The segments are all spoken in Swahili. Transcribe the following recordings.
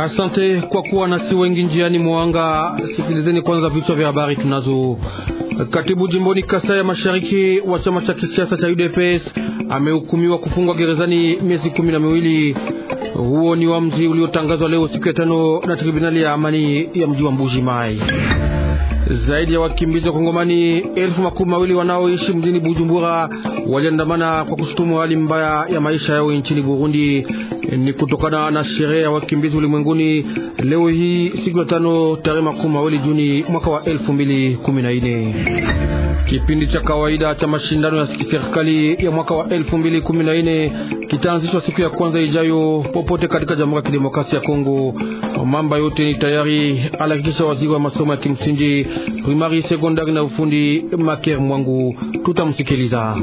Asante kwa kuwa nasi wengi njiani mwanga. Sikilizeni kwanza vichwa vya habari tunazo. Katibu jimboni Kasai ya Mashariki wa chama cha kisiasa cha UDPS amehukumiwa kufungwa gerezani miezi kumi na miwili. Huo ni wamzi uliotangazwa leo siku ya tano na tribunali ya amani ya mji wa Mbuji Mai. Zaidi ya wakimbizi wa Kongomani elfu makumi mawili wanaoishi mjini Bujumbura waliandamana kwa kushutumu hali mbaya ya maisha yao nchini Burundi. Ni kutokana na sherehe ya wakimbizi ulimwenguni leo hii siku ya tano tarehe makumi mawili Juni mwaka wa elfu mbili kumi na nne. Kipindi cha kawaida cha mashindano ya serikali ya mwaka wa elfu mbili kumi na nne kitaanzishwa siku ya kwanza ijayo popote katika Jamhuri ya Kidemokrasia ya Kongo. Mamba yote ni tayari, alihakikisha waziri wa masomo ya kimsingi primari, sekondari na ufundi Maker Mwangu. Tutamsikiliza.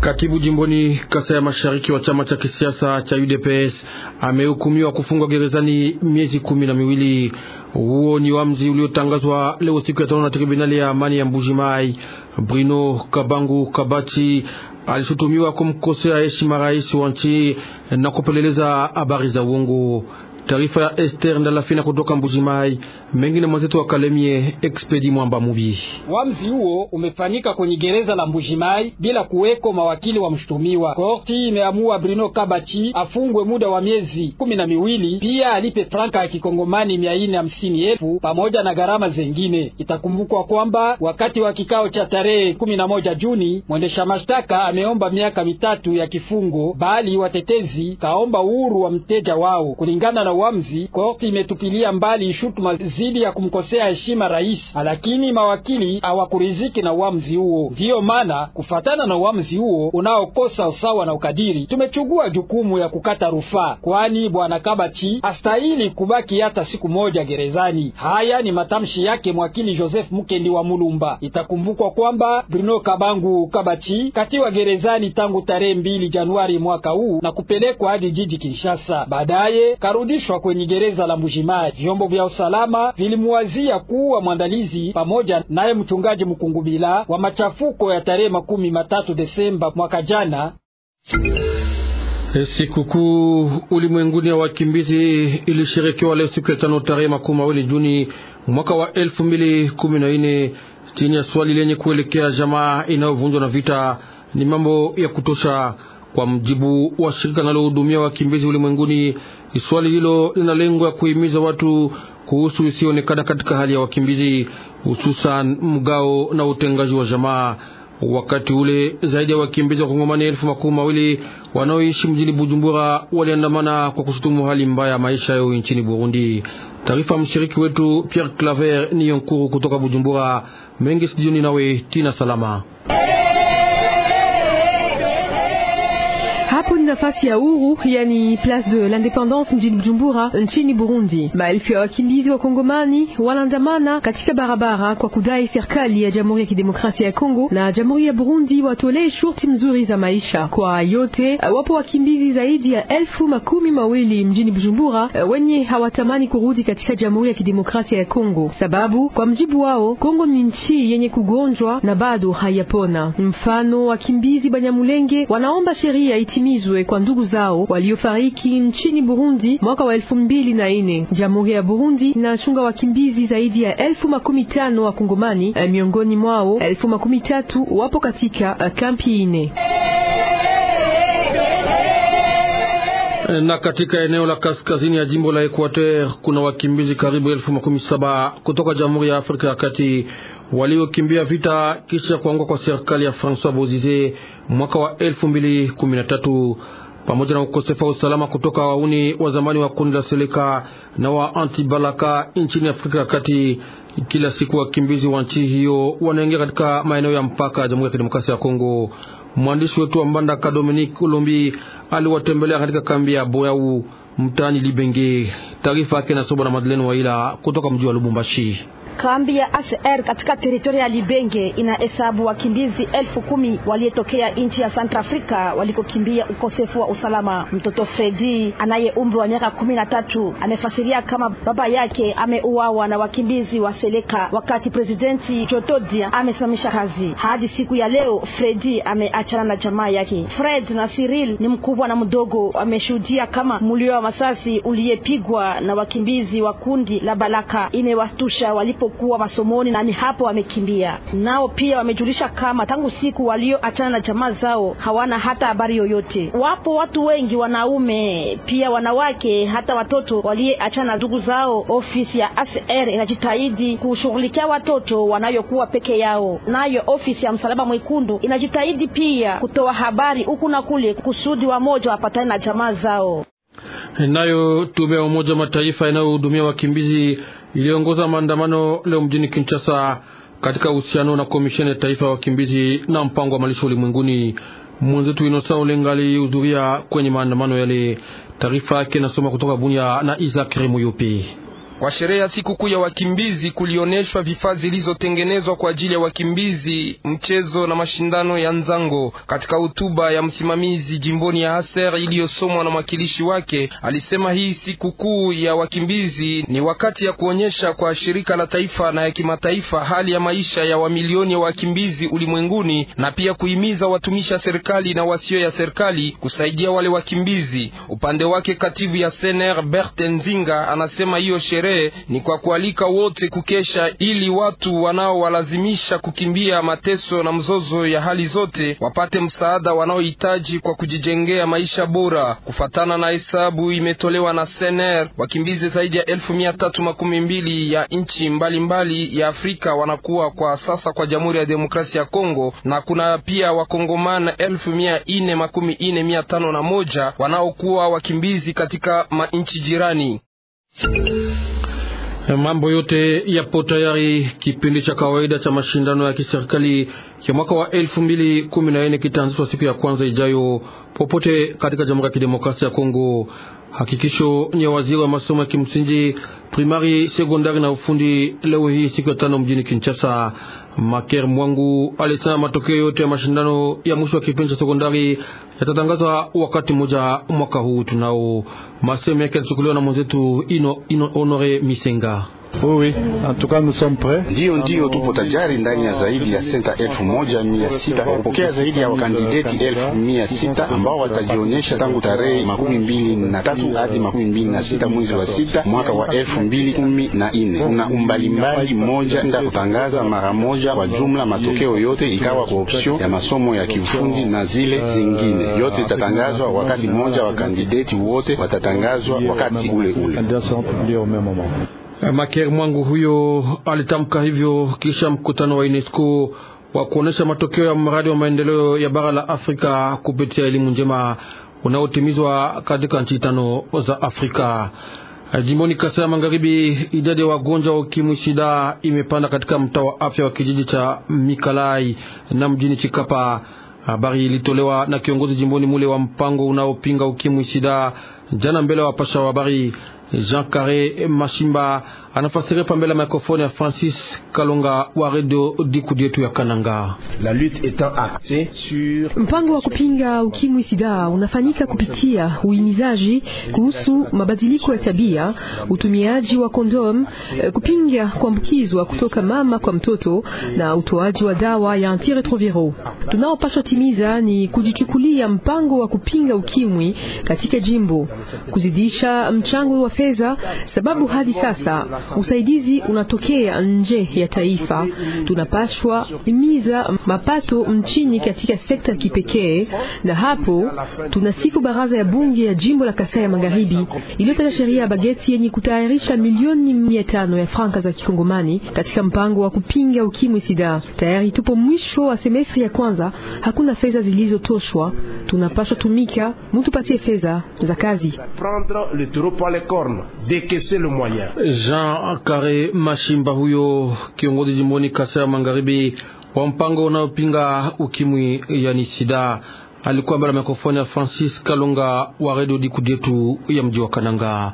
Katibu jimboni Kasa ya Mashariki wa chama cha kisiasa cha UDPS amehukumiwa kufungwa gerezani miezi kumi na miwili. Huo ni wamzi uliotangazwa leo siku ya tano na tribunali ya amani ya Mbujimai. Bruno Kabangu Kabati alishutumiwa kumkosea heshima rais wa nchi na kupeleleza habari za uongo. Taarifa ya Esther Ndalafina kutoka Mbujimai, mengine mwenzetu wa Kalemie Expedi Mwamba Mubi. Wamzi huo umefanyika kwenye gereza la Mbujimai bila kuweko mawakili wa mshtumiwa. Korti imeamua Bruno Kabachi afungwe muda wa miezi kumi na miwili, pia alipe franka ya kikongomani mia ine hamsini elfu pamoja na gharama zengine. Itakumbukwa kwamba wakati wa kikao cha tarehe kumi na moja Juni mwendesha mashtaka ameomba miaka mitatu ya kifungo, bali watetezi kaomba uhuru wa mteja wao kulingana na Wamzi, korti imetupilia mbali shutuma zidi ya kumkosea heshima rais, lakini mawakili hawakuriziki na uamzi huo. Ndiyo maana kufatana na uamzi huo unaokosa usawa na ukadiri, tumechugua jukumu ya kukata rufaa, kwani bwana Kabachi astahili kubaki hata siku moja gerezani. Haya ni matamshi yake mwakili Joseph Mukendi wa Mulumba. Itakumbukwa kwamba Bruno Kabangu Kabachi katiwa gerezani tangu tarehe mbili Januari mwaka huu na kupelekwa hadi jiji Kinshasa, baadaye karudi kuhamishwa kwenye gereza la Mbujimayi. Vyombo vya usalama vilimuwazia kuwa mwandalizi pamoja naye mchungaji Mkungubila wa machafuko ya tarehe makumi matatu Desemba mwaka jana. Sikukuu ulimwenguni ya wakimbizi ilisherekewa leo siku ya tano tarehe makumi mawili Juni mwaka wa elfu mbili kumi na nne chini ya swali lenye kuelekea jamaa inayovunjwa na vita ni mambo ya kutosha kwa mjibu wa shirika linalohudumia wakimbizi ulimwenguni, swali hilo lina lengo ya kuhimiza watu kuhusu isiyoonekana katika hali ya wakimbizi, hususan mgao na utengaji wa jamaa. Wakati ule zaidi ya wakimbizi wa Kongomani elfu makumi mawili wanaoishi mjini Bujumbura waliandamana kwa kushutumu hali mbaya ya maisha yao nchini Burundi. Taarifa mshiriki wetu Pierre Claver Niyonkuru kutoka Bujumbura. Mengi sijuni nawe Tina Salama. nafasi ya uhuru, yani Place de l'Independance mjini Bujumbura nchini Burundi. Maelfu ya wakimbizi wa Kongomani wanaandamana katika barabara kwa kudai serikali ya Jamhuri ya Kidemokrasia ya Kongo na Jamhuri ya Burundi watolee shurti mzuri za maisha kwa yote. Wapo wakimbizi zaidi ya elfu makumi mawili mjini Bujumbura wenye hawatamani kurudi katika Jamhuri ya Kidemokrasia ya Kongo, sababu kwa mjibu wao Kongo ni nchi yenye kugonjwa na bado hayapona. Mfano wakimbizi Banyamulenge wanaomba sheria itimizwe kwa ndugu zao waliofariki nchini Burundi mwaka wa elfu mbili na nne. Jamhuri ya Burundi inachunga wakimbizi zaidi ya elfu makumi tano wa Kongomani, eh, miongoni mwao elfu makumi tatu wapo katika eh, kampi ine. na katika eneo la kaskazini ya jimbo la Equateur kuna wakimbizi karibu elfu makumi saba kutoka Jamhuri ya Afrika ya Kati waliokimbia vita kisha kuanguka kwa serikali ya François Bozize mwaka wa 2013 pamoja na ukosefu wa usalama kutoka wauni wa zamani wa kundi la Seleka na wa Antibalaka nchini Afrika ya Kati. Kila siku wakimbizi wa nchi hiyo wanaingia katika maeneo ya mpaka ya Jamhuri ya Kidemokrasia ya Kongo. Mwandishi wetu wa Mbandaka Dominique Olombi aliwatembelea katika kambi ya Boyau mtaani Libenge. Taarifa yake inasomwa na Madeleine Waila kutoka mji wa Lubumbashi. Kambi ya ACR katika teritoria ya Libenge inahesabu wakimbizi elfu kumi waliyetokea nchi ya Santrafrika walikokimbia ukosefu wa usalama. Mtoto Fredi anaye umri wa miaka kumi na tatu amefasiria kama baba yake ameuawa na wakimbizi wa Seleka wakati presidenti Jotodia amesimamisha kazi. Hadi siku ya leo Fredi ameachana na jamaa yake. Fred na Cyril ni mkubwa na mdogo, ameshuhudia kama mlio wa masasi uliyepigwa na wakimbizi wa kundi la Balaka imewastusha walipo walipokuwa masomoni na ni hapo wamekimbia. Nao pia wamejulisha kama tangu siku walioachana na jamaa zao hawana hata habari yoyote. Wapo watu wengi, wanaume pia wanawake, hata watoto walioachana na ndugu zao. Ofisi ya ASR inajitahidi kushughulikia watoto wanayokuwa peke yao, nayo ofisi ya Msalaba Mwekundu inajitahidi pia kutoa habari huku na kule kusudi wamoja wapatane na jamaa zao. Nayo tume ya Umoja wa Mataifa inayohudumia wakimbizi iliongoza maandamano leo mjini Kinshasa katika uhusiano na komisheni ya taifa ya wakimbizi na mpango wa malisho ulimwenguni. Mwenzetu Inosa Olengali hudhuria kwenye maandamano yale. Taarifa yake inasoma kutoka Bunya na Isaac Remoyope. Kwa sherehe ya sikukuu ya wakimbizi kulioneshwa vifaa zilizotengenezwa kwa ajili ya wakimbizi, mchezo na mashindano ya nzango. Katika hotuba ya msimamizi jimboni ya Aser iliyosomwa na mwakilishi wake, alisema hii sikukuu ya wakimbizi ni wakati ya kuonyesha kwa shirika la taifa na ya kimataifa hali ya maisha ya wamilioni ya wakimbizi ulimwenguni na pia kuhimiza watumishi ya serikali na wasio ya serikali kusaidia wale wakimbizi. Upande wake, katibu ya Sener Bertenzinga Nzinga anasema hiyo sherehe ni kwa kualika wote kukesha, ili watu wanaowalazimisha kukimbia mateso na mzozo ya hali zote wapate msaada wanaohitaji kwa kujijengea maisha bora. Kufatana na hesabu imetolewa na Sener, wakimbizi zaidi ya elfu mia tatu makumi mbili ya nchi mbalimbali ya Afrika wanakuwa kwa sasa kwa Jamhuri ya Demokrasia ya Kongo, na kuna pia wakongomana elfu mia nne makumi nne mia tano na moja wanaokuwa wakimbizi katika manchi jirani. Mambo yote yapo tayari. Kipindi cha kawaida cha mashindano ya kiserikali ya mwaka wa elfu mbili kumi na nne kitaanzishwa siku ya kwanza ijayo popote katika Jamhuri ya Kidemokrasia ya Kongo. Hakikisho ni waziri wa masomo ya kimsingi primari, sekondari na ufundi leo hii siku ya tano mjini Kinshasa. Maker Mwangu alisema matokeo yote ya mashindano ya mwisho wa kipindi cha sekondari yatatangazwa wakati mmoja mwaka huu tunao. Masemo yake yalichukuliwa na mwenzetu Ino, Ino Honore Misenga. Oui, ndiyo, ndiyo, tupo tajari ndani ya zaidi ya senta elfu moja mia sita kupokea zaidi ya wakandideti elfu mia sita ambao watajionyesha tangu tarehe makumi mbili na tatu hadi makumi mbili na sita mwezi wa sita mwaka wa elfu mbili kumi na nne. Kuna umbalimbali moja nda kutangaza mara moja kwa jumla matokeo yote, ikawa kwa option ya masomo ya kiufundi na zile zingine yote itatangazwa wakati moja, wakandideti wote watatangazwa wakati ule ule. Eh, Maker Mwangu huyo alitamka hivyo kisha mkutano wa UNESCO wa kuonesha matokeo ya mradi wa maendeleo ya bara la Afrika kupitia elimu njema unaotimizwa katika nchi tano za Afrika. Eh, jimboni Kasai ya Magharibi, idadi ya wagonjwa wa ukimwi shida imepanda katika mtaa wa afya wa kijiji cha Mikalai na mjini Chikapa. Habari ilitolewa na kiongozi jimboni mule wa mpango unaopinga ukimwi shida jana mbele ya wa habari. Jean Carré Mashimba anafasiria pambele ya maikrofoni ya Francis Kalonga wa redio dikudi yetu ya Kananga. La lutte étant axée sur mpango wa kupinga ukimwi sida unafanyika kupitia uhimizaji kuhusu mabadiliko ya tabia, utumiaji wa kondom, kupinga kuambukizwa kutoka mama kwa mtoto na utoaji wa dawa ya antiretroviro. Tunaopaswa timiza ni kujichukulia mpango wa kupinga ukimwi katika jimbo kuzidisha mchango wa fedha, sababu hadi sasa usaidizi unatokea nje ya taifa. Tunapashwa imiza mapato nchini katika sekta ya kipekee, na hapo tunasifu baraza ya bunge ya jimbo la Kasai ya Magharibi iliyotaja sheria ya bageti yenye kutayarisha milioni mia tano ya franka za kikongomani katika mpango wa kupinga ukimwi sida. Tayari tupo mwisho wa semestri ya kwanza, hakuna fedha zilizotoshwa. Tunapashwa tumika, mtu patie fedha za kazi. Prendre le taureau par les cornes, décaisser le moyen. Jean Carré, Machimba huyo kiongozi jimboni Kasai Mangaribi, wa mpango unaopinga ukimwi yani sida alikuwa mbele ya ya Francis Kalonga wa redio Dikudietu ya Kananga.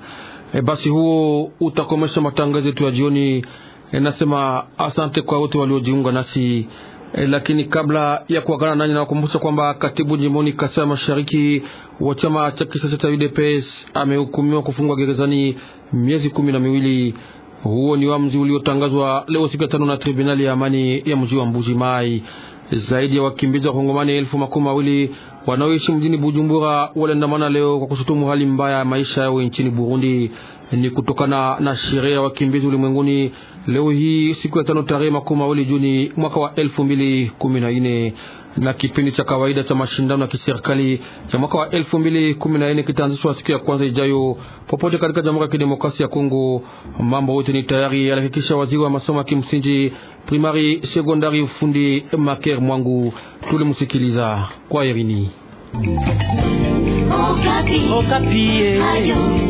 E, basi huo utakomesha matangazo yetu ya jioni. E, nasema asante kwa wote waliojiunga nasi. E, lakini kabla ya kuagana nanyi nawakumbusha kwamba katibu jimboni Kasai Mashariki wa chama cha kisiasa cha UDPS amehukumiwa kufungwa gerezani miezi kumi na miwili. Huo ni wamzi uliotangazwa leo siku ya tano na tribunali ya amani ya mji wa Mbuji Mai. Zaidi ya wakimbizi wa Kongomani elfu makumi mawili wanaoishi mjini Bujumbura waliandamana leo kwa kushutumu hali mbaya ya maisha yao nchini Burundi ni kutokana na sheria ya wakimbizi ulimwenguni leo hii siku ya tano tarehe makumi mawili Juni mwaka wa elfu mbili kumi na nne na kipindi cha kawaida cha mashindano ya kiserikali cha mwaka wa elfu mbili kumi na nne kitaanzishwa siku ya kwanza ijayo popote katika Jamhuri ya Kidemokrasia ya Kongo. Mambo yote ni tayari, alihakikisha waziri wa masomo ya kimsingi, primari, sekondari, ufundi Maker Mwangu. Tulimsikiliza kwa erini Okapi. Okapi. Eh.